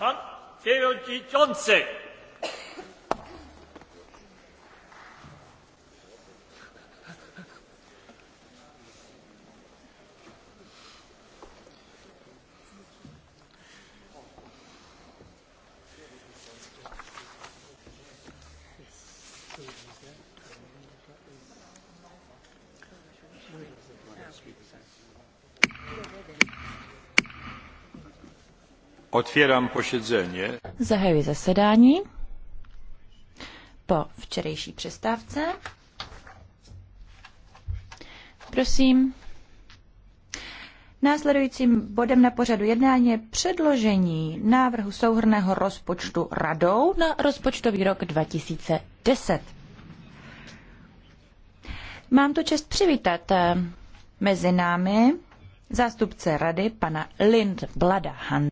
Pan Johnson. Otvírám posiedzenie. Zahajuji zasedání. Po včerejší přestávce. Prosím. Následujícím bodem na pořadu jednání je předložení návrhu souhrného rozpočtu radou na rozpočtový rok 2010. Mám tu čest přivítat eh, mezi námi zástupce rady pana Lind Blada Han.